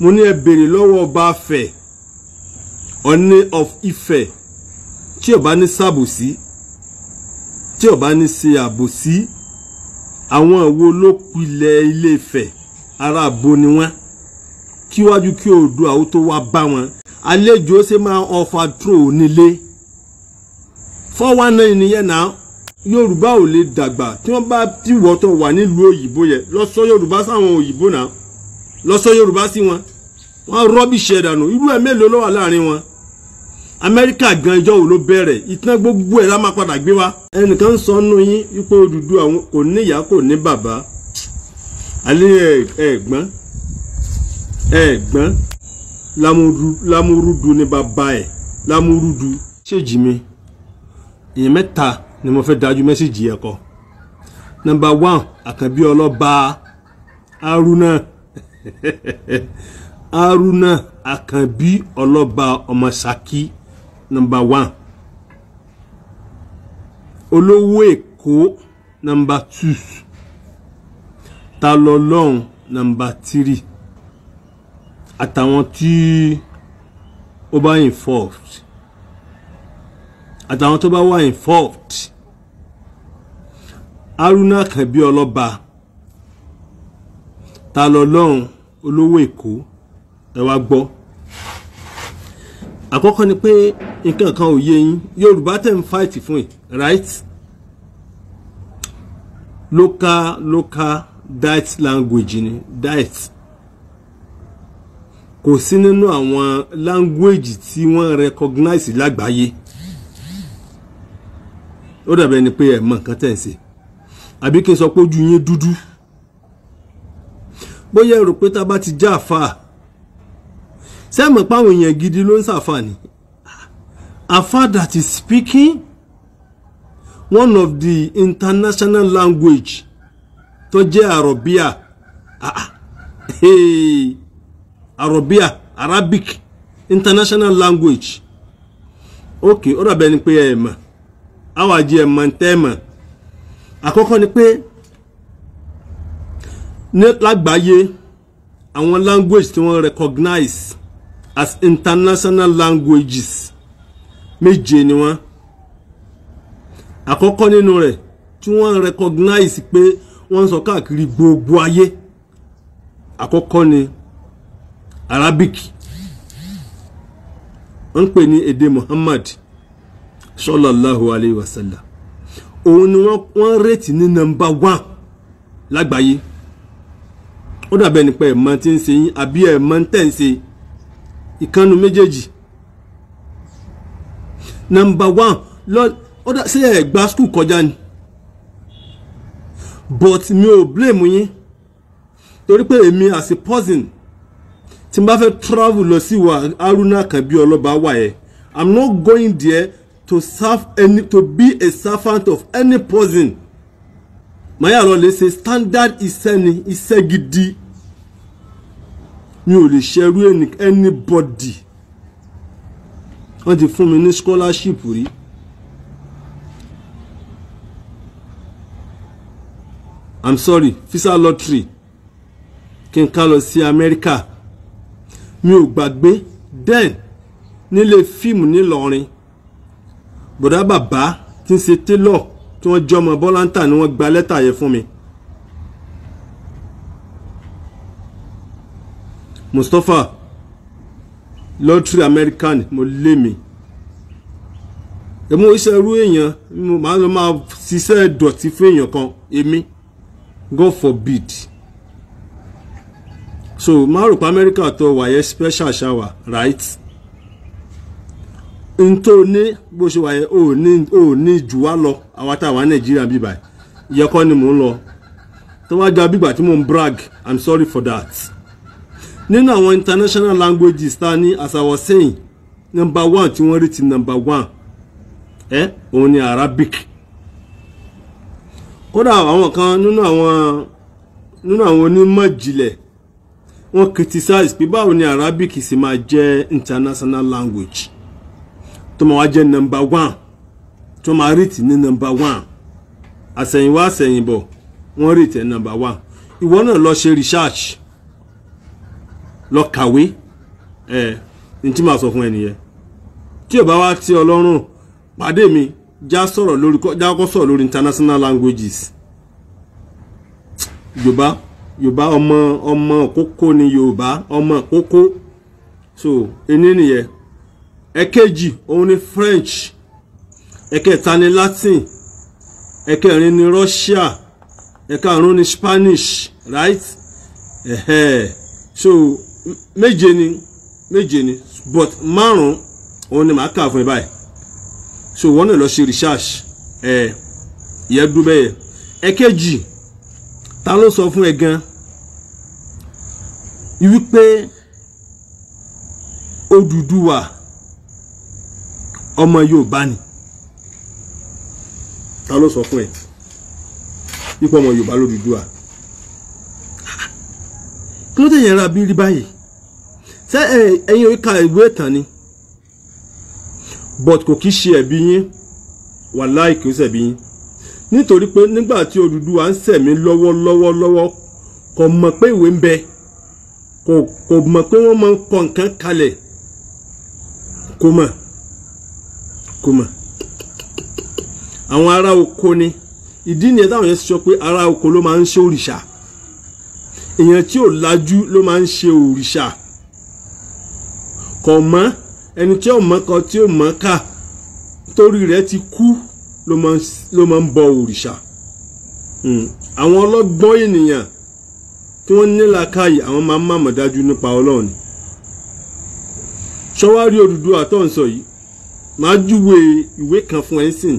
mo ní ẹ béèrè lọ́wọ́ ọba afẹ̀ ọ̀ní of Ifẹ̀ tí ó bá ní ṣàbòsí tí ó bá ní ṣe àbòsí àwọn wo ló pilẹ̀ ilé Ifẹ̀ ara àbo ni wọ́n kíwájú kí odò àwọn tó wá bá wọn àlejò ṣe máa ọfà tró nílé four one nine nìyẹn náà yorùbá ò lè dàgbà tí wọ́n bá ti wọ́tọ̀ wà nílùú òyìnbó yẹn lọ sọ yorùbá sáwọn òyìnbó náà lọ sọ yorùbá sí wọn wọ́n rọ́bìṣì ẹ̀dànù irú ẹ̀ mélòó ló wà láàrin wọn amẹ́ríkà gan ìjọ wo ló bẹ̀rẹ̀ ìtàn gbogbo ẹ̀ la máa padà gbé wa. ẹnìkan sọ nù yín wípé òdùdú àwọn kò ní ìyá kò ní bàbá alẹ́ ẹ̀gbọ́n ẹ̀gbọ́n lámúrúdu ni bàbá ẹ̀ lámúrúdu. ṣèjì mi èèyàn mẹ́ta ni mo fẹ́ dájú mẹ́síjì ẹ̀ kọ nọ́mbà one àkànbí ọlọ́ba Aruna. haruna akanbi ọlọ́ba ọmọ saki nọmba one olówó èkó nọmba two talọlọ́hún nọmba three àtàwọn tí ó bá involved àtàwọn tó bá wà involved haruna akanbi ọlọ́ba talọlọ́hún olówó èkó ẹ wá gbọ́ àkọ́kọ́ ni pé nǹkan kan ò yé yín yorùbá tẹ̀ ń fight fún yìí right local local diet language ni diet kò sí nínú àwọn language tí wọ́n recognize lágbàáyé ó dàbẹ̀ ni pé ẹ̀ mọ̀ nǹkan tẹ̀ ń ṣe àbí kí n sọ pé ojú yín dúdú bóyá ẹ pé tá a bá ti já àfáà sẹ́mi páwọn èèyàn gidi ló ń ṣàǹfààní afa that is speaking one of the international language tó jẹ́ arabia ah, ah. arabia arabic international language ok ó dàbẹ́ ni pé ẹ̀ mọ̀ àwàjì ẹ̀ mọ̀ ń tẹ́ mọ̀ àkọ́kọ́ ni pé lágbàáyé àwọn language tí wọ́n recognize as international languages méje ni wọ́n àkọ́kọ́ nínú rẹ̀ tí wọ́n recognize pé wọ́n sọ káàkiri gbogbo ayé àkọ́kọ́ ni Arabic wọ́n pè ní èdè Muhammad sallallahu alayhi wa sallam òun ni wọ́n rètí ní nọ́mbà one lágbàáyé ó dàbẹ̀ nípa ẹ̀mọ́ tí ń ṣe yín àbí ẹ̀mọ́ tẹ̀ ń ṣe yín ìkànnù méjèèjì nọmba one lọ ọdọ ṣé ẹ gba skul kọjá ni but mi ò blame yín torí pé èmi as a tí n bá fẹ́ travel lọ sí wa Haruna Àkànbí ọlọ́ba wà ẹ̀ i'm not going there to serve any to be a servant of any person màá yà lọ lè ṣe standard iṣẹ́ ni iṣẹ́ gidi mi ò lè ṣerú anybody wọ́n ti fún mi ní scholarship rí i'm sorry visa lottery kí n ká lọ sí amẹ́ríkà mi ò gbàgbé then nílé fíìmù nílọrin bọ̀dá bàbá tí ń ṣe télọ̀ tí wọ́n jẹ́ ọmọ bọ́láńtà ni wọ́n gba lẹ́tà yẹn fún mi Mustapha lottery American mo lé mi èmi ò ṣe irú èèyàn mo máa lọ máa ṣiṣẹ́ ìdọ̀tí fún èèyàn kan èmi God forbid so máa rò pé America tó wà special shower right n tó ní bó ṣe wà yẹn ò ní ò ní jù wá lọ àwa tá a wà Nàìjíríà bíbá yẹ kọ́ ni mò ń lọ tó wá jọ abígbà tí mò ń brag I'm sorry for that nínú àwọn international languages ta ní as I was saying number one tí wọ́n rí ti number one ẹ òun ni Arabic kódà àwọn kan nínú àwọn nínú àwọn onímọ̀ ìjìnlẹ̀ wọ́n criticize pé báwo ni Arabic sì máa jẹ́ international language tó máa wá jẹ́ number one tó máa rí ti ní number one àsẹ̀yìnwá àsẹ̀yìnbọ̀ wọ́n rí ti number one ìwọ náà lọ ṣe research lọ kàwé ẹ ní tí màá sọ fún ẹ nìyẹn tí ò bá wá tí ọlọ́run pàdé mi já sọ̀rọ̀ lórí já kọ́ sọ̀rọ̀ lórí international languages yorùbá yorùbá ọmọ ọmọ kókó ni yorùbá ọmọ kókó so ení nìyẹn ẹ̀kejì òun ni french ẹ̀kẹta ni latin ẹ̀kẹrin ni russia ẹ̀karùn ni spanish right ẹ̀hẹ́ so méje ni méje ni but márùn òun ni màá kà fún ẹ báyìí so wọn náà lọ ṣe research ẹ yẹ dúbẹ yẹ ẹ̀kejì ta ló sọ fún ẹ gan wípé Odùduwà ọmọ Yorùbá ni ta ló sọ fún ẹ ipò ọmọ Yorùbá lódùduwà kí ló dé yẹn ra bí rí báyìí ṣé ẹ̀yin ò ka ìwé ìtàn ni but kò kí ṣe ẹ̀bi yín wàláì kì í ṣẹ̀bi yín nítorí pé nígbà tí Odùduwà ń ṣẹ̀mí lọ́wọ́lọ́wọ́lọ́wọ́ kò mọ̀ pé ìwé ń bẹ kò kò mọ̀ pé wọ́n máa ń kọ nǹkan kalẹ̀ kò mọ̀ kò mọ̀ àwọn ará oko ni ìdí nìyẹn táwọn yẹn sọ pé ará oko ló máa ń ṣe òrìṣà èèyàn tí ò lajú ló máa ń ṣe òrìṣà kò mọ̀ ẹni tí ò mọ̀ kan tí ò mọ̀ ká torí rẹ̀ ti kú ló máa ń bọ òrìṣà hmm. àwọn ọlọ́gbọ́n ènìyàn tí wọ́n ní làákàyè àwọn máa ń mọ̀mọ́ dájú nípa ọlọ́run ṣọwárí Odùduwà tó ń sọ yìí máa júwe ìwé kan fún ẹ̀sìn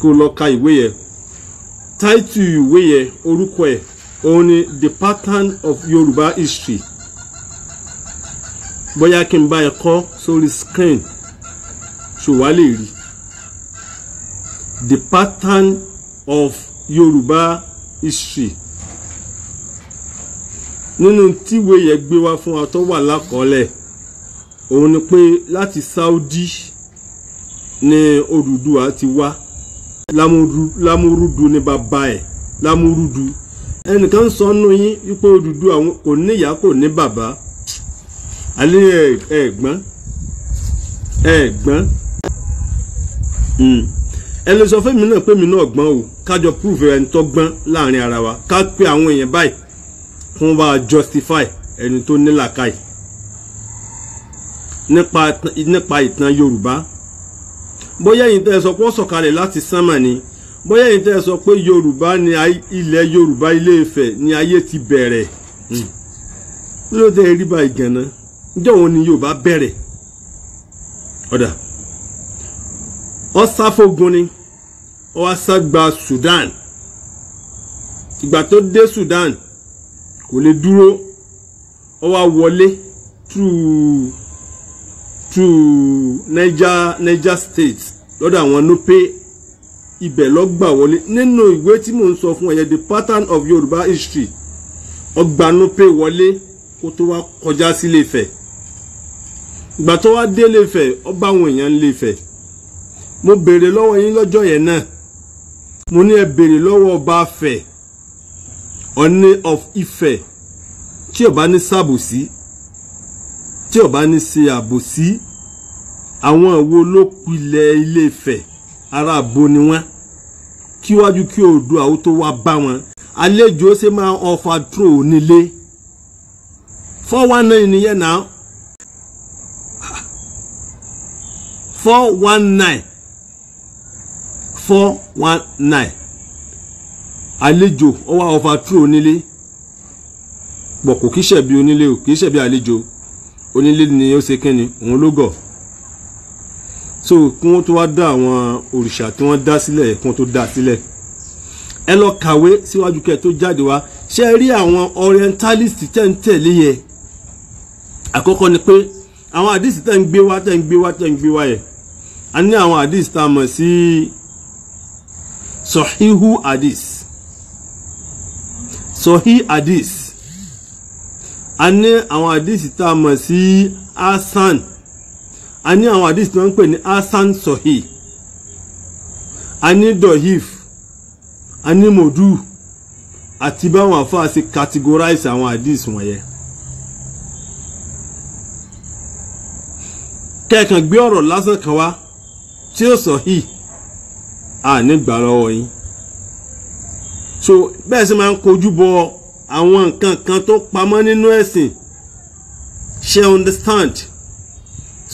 kó lọ ka ìwé yẹn táìtù ìwé yẹn orúkọ ẹ̀ òun ni the pattern of Yorùbá history bóyá kí n bá ẹ kọ sórí screen ṣòwá lè rí the pattern of Yorùbá history nínú tíwèé yẹn gbé wá fún wa tó wà lákọọ́lẹ̀ òun ni pé láti Saudi ni Odùduwà ti wá lámúrúdu ní bàbá ẹ̀ lámúrúdu ẹnìkan ń sọ nù yín wípé Odùduwà àwọn kò ní ìyá kò ní bàbá alẹ́ ẹ̀gbọ́n ẹ̀gbọ́n hmm. ẹ lè sọ fẹ́mi náà pé mi náà gbọ́n o kájọ proof ẹni tó gbọ́n láàrin ara wa ká pé àwọn èèyàn báyìí fún wa justify ẹni tó ní làákàyè nípa ìtàn Yorùbá bóyá ìyìn tẹ́ ẹ sọ pé ó sọ̀kalẹ̀ láti sánmà ni bóyá yìí tẹ́ ẹ sọ pé yorùbá ni ilẹ̀ yorùbá ilé Ifẹ̀ ni ayé ti bẹ̀rẹ̀ hmm. ló dé rí báyìí gan-an ǹjẹ́ òun ni yorùbá bẹ̀rẹ̀ ọ̀dà ọ̀sáfógun ni ọ̀ságbà Sudan ìgbà tó dé Sudan kò lè dúró ó wọlé through through Niger Niger state lọ́dọ̀ àwọn Nupe. No ibẹ̀ ló gbà wọlé nínú ìwé tí mò ń sọ fún ẹ̀yẹ the pattern of Yorùbá history ọgbànúpé wọlé kó tó wá kọjá sí Ilé-Ifẹ̀ ìgbà tó wá dé Ilé-Ifẹ̀ àwọn èèyàn ilé mo béèrè lọ́wọ́ yín lọ́jọ́ yẹn náà mo ní ẹ béèrè lọ́wọ́ ọba Ifẹ̀ Ọọ̀ni of Ifẹ̀ tí ó bá ní ṣàbòsí tí ó ní ṣe àbòsí àwọn wo ló pilẹ̀ Ilé-Ifẹ̀ ará àbò ni wọ́n kíwájú kí Oòduà ó tó wá bá wọn àlejò ṣe máa ọfà tró nílé four one nine nìyẹn náà four one nine four one nine àlejò ó wá ọfà tró nílé pọ̀ kò kí ṣẹ̀bi onílé o kì í ṣẹ̀bi àlejò onílé ni ó ṣe kínni òun ló gọ̀ so kí wọ́n tó wá dá àwọn òrìṣà tí wọ́n dá sílẹ̀ kí wọ́n tó dá sílẹ̀ ẹ lọ kàwé síwájú kẹ́ tó jáde wá ṣe é rí àwọn orientalist tẹ́ ń tẹ̀lé yẹ àkọ́kọ́ ni pé àwọn àdìsí tẹ́ ń gbé wá tẹ́ ń gbé wá tẹ́ ń gbé wá yẹ a ní àwọn àdìsí tá a mọ̀ sí sọ̀híhù àdìsí sọ̀hí àdìsí a ní àwọn àdìsí tá a mọ̀ sí hasan. So a ní àwọn àdìsí tí wọ́n ń pè ní hasan sohi a ní dohif a ní modu àti báwọn àfáà ṣe categorize àwọn àdìsí wọ̀nyẹn. kẹ́ẹ̀kan gbé ọ̀rọ̀ lásán kan wá tí ó sọ hì á nígbà lọ́wọ́ yín so bẹ́ẹ̀ sì máa ń kojú bọ àwọn nǹkan kan tó pamọ́ nínú ẹ̀sìn ṣe understand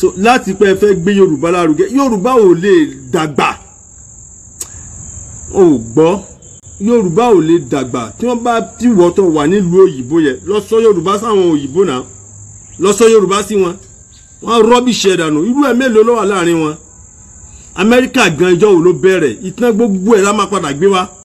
so láti pé ẹ fẹ́ gbé yorùbá lárugẹ yorùbá ò lè dàgbà ò gbọ́ yorùbá ò lè dàgbà tí wọ́n bá ti wọ́tọ̀ wà nílùú òyìnbó yẹn lọ sọ yorùbá sáwọn òyìnbó náà lọ sọ yorùbá sí wọn wọ́n rọ́bìṣì ẹ̀dànù irú ẹ̀ mélòó ló wà láàrin wọn amẹ́ríkà gan ìjọ́ wo ló bẹ̀rẹ̀ ìtàn gbogbo ẹ̀ la máa padà gbé wa